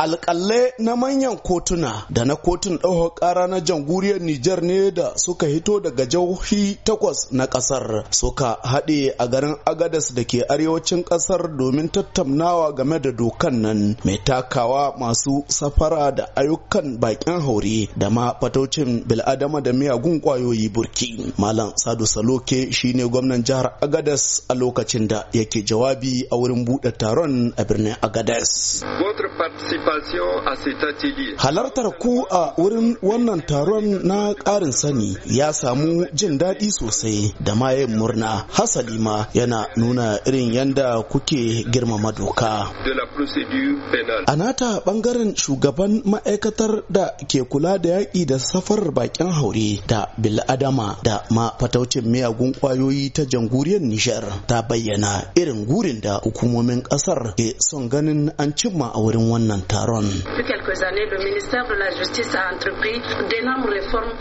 alƙalle na manyan kotuna da na kotun ɗaukar ƙara na jamhuriyar Nijar ne da suka hito daga jauhi takwas na ƙasar suka haɗe a garin Agadas da ke arewacin ƙasar domin tattaunawa game da dokan nan mai takawa masu safara da ayyukan baƙin haure da ma fataucin bil'adama da miyagun ƙwayoyi burki. Malam Sadu Saloke shine gwamnan jihar Agadas a lokacin da yake jawabi a wurin buɗe taron a birnin Agadas. Halartar ku a wurin wannan taron na ƙarin sani ya samu jin daɗi sosai da mayin murna. Hasali ma yana nuna irin yanda kuke girmama doka. A nata ɓangaren shugaban ma'aikatar da ke kula da yaƙi da safar baƙin haure da bil'adama da ma miyagun ƙwayoyi ta jamhuriyar Nijar ta bayyana irin gurin da hukumomin ƙasar ke son ganin an cimma a wurin wannan taron. taron.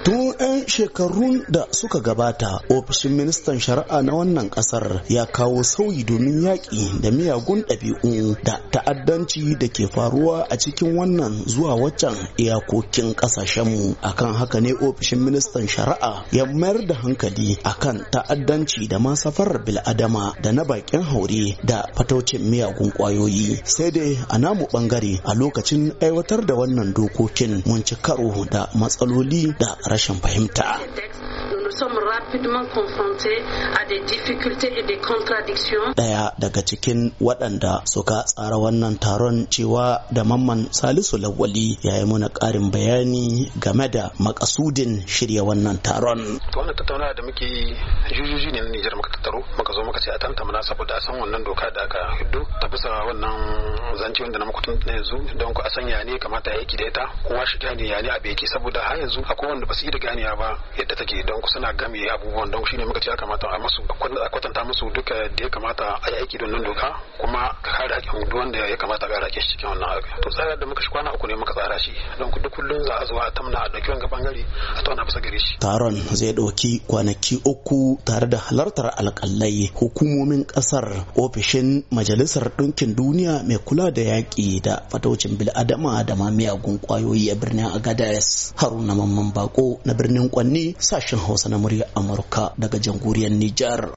Tun 'yan shekarun da suka gabata, ofishin ministan shari'a na wannan kasar ya kawo sauyi domin yaƙi da miyagun ɗabi'u da ta'addanci da ke faruwa a cikin wannan zuwa waccan iyakokin ƙasashenmu. A kan haka ne ofishin ministan shari'a ya mayar da hankali a kan ta'addanci da ma safarar bil'adama da na baƙin haure da fataucin miyagun ƙwayoyi. Sai dai a namu ɓangare a lokacin lokacin aiwatar da wannan dokokin mun ci karo da matsaloli da rashin fahimta Daya daga cikin waɗanda suka tsara wannan taron cewa da mamman Salisu Lawali ya yi mana ƙarin bayani game da makasudin shirya wannan taron. Wannan tattaunawa da muke yi jujuji ne na Nijar muka tattaro muka zo sai a tantamana saboda a san wannan doka da aka hiddo ta bisa wannan zance wanda na muku na yanzu don ku a san kamata ya yi da ita kowa shi gane yane a beki saboda har yanzu a wanda ba su yi da ganiya ba yadda take don ku suna game abubuwan don shine muka ce ya kamata a masu a kwatanta musu duka da ya kamata a yi aiki don nan doka kuma ka kare hakkin duk wanda ya kamata a kare hakkin shi cikin wannan abu to tsara da muka shi kwana uku ne muka tsara shi don ku duk kullum za a zo a tamna a ɗauki wanga bangare a tauna bisa gare shi taron zai dauki kwanaki uku tare da halartar alƙalai hukumomin kasar ofishin majalisar ɗinkin duniya mai kula da yaƙi da fatocin bil'adama da ma miyagun ƙwayoyi a birnin agadez haruna mamman bako na birnin kwanni sashen hausa na murya amurka daga jamhuriyar nijar